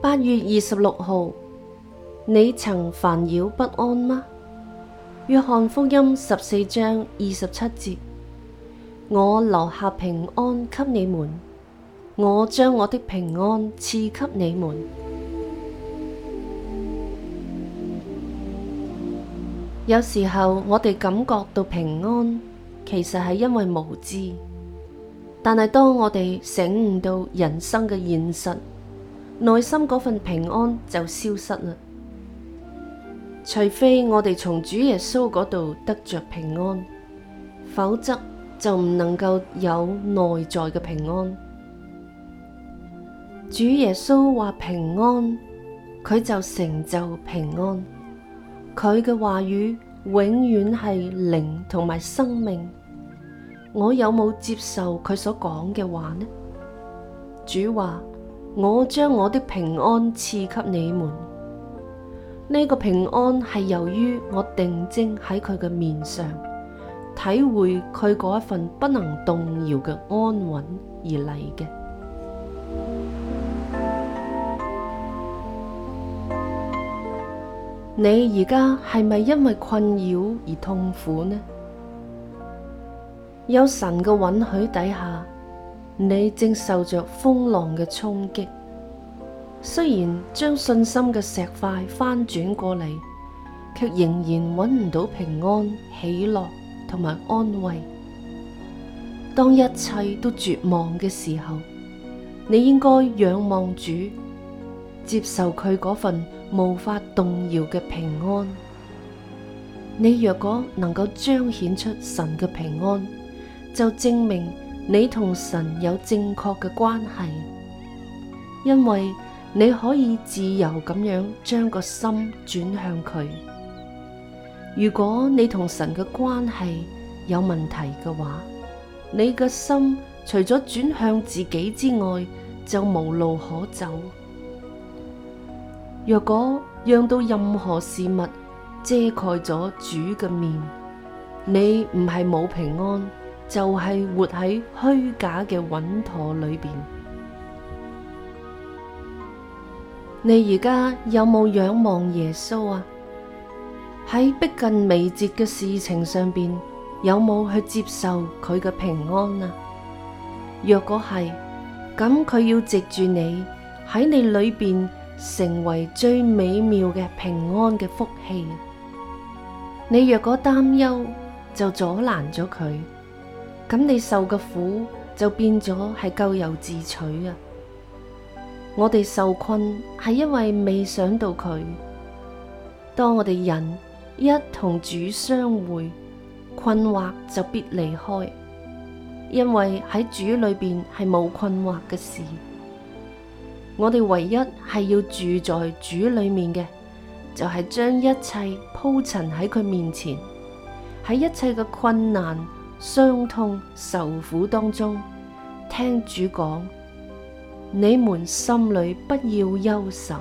八月二十六號，你曾煩擾不安嗎？約翰福音十四章二十七節：我留下平安給你們，我將我的平安賜給你們。有時候我哋感覺到平安，其實係因為無知。但係當我哋醒悟到人生嘅現實，內心嗰份平安就消失啦。除非我哋從主耶穌嗰度得着平安，否則就唔能夠有內在嘅平安。主耶穌話平安，佢就成就平安。佢嘅話語永遠係靈同埋生命。我有冇接受佢所講嘅話呢？主話：我將我的平安賜給你們。呢個平安係由於我定睛喺佢嘅面上，體會佢嗰一份不能動搖嘅安穩而嚟嘅。 你而家係咪因為困擾而痛苦呢？有神嘅允許底下，你正受着風浪嘅衝擊。雖然將信心嘅石塊翻轉過嚟，卻仍然揾唔到平安、喜樂同埋安慰。當一切都絕望嘅時候，你應該仰望主，接受佢嗰份無法動搖嘅平安。你若果能夠彰顯出神嘅平安，就證明你同神有正確嘅關係，因為你可以自由咁樣將個心轉向佢。如果你同神嘅關係有問題嘅話，你個心除咗轉向自己之外，就無路可走。若果讓到任何事物遮蓋咗主嘅面，你唔係冇平安，就係活喺虛假嘅穩妥裏邊。你而家有冇仰望耶穌啊？喺逼近尾節嘅事情上邊，有冇去接受佢嘅平安啊？若果係，咁佢要藉住你喺你裏邊，成為最美妙嘅平安嘅福氣。你若果擔憂，就阻攔咗佢。咁你受嘅苦就變咗係咎由自取啊！我哋受困係因為未想到佢。當我哋人一同主相會，困惑就必離開，因為喺主裏邊係冇困惑嘅事。我哋唯一係要住在主裏面嘅，就係、是、將一切鋪陳喺佢面前，喺一切嘅困難，傷痛受苦當中，聽主講，你們心裏不要憂愁。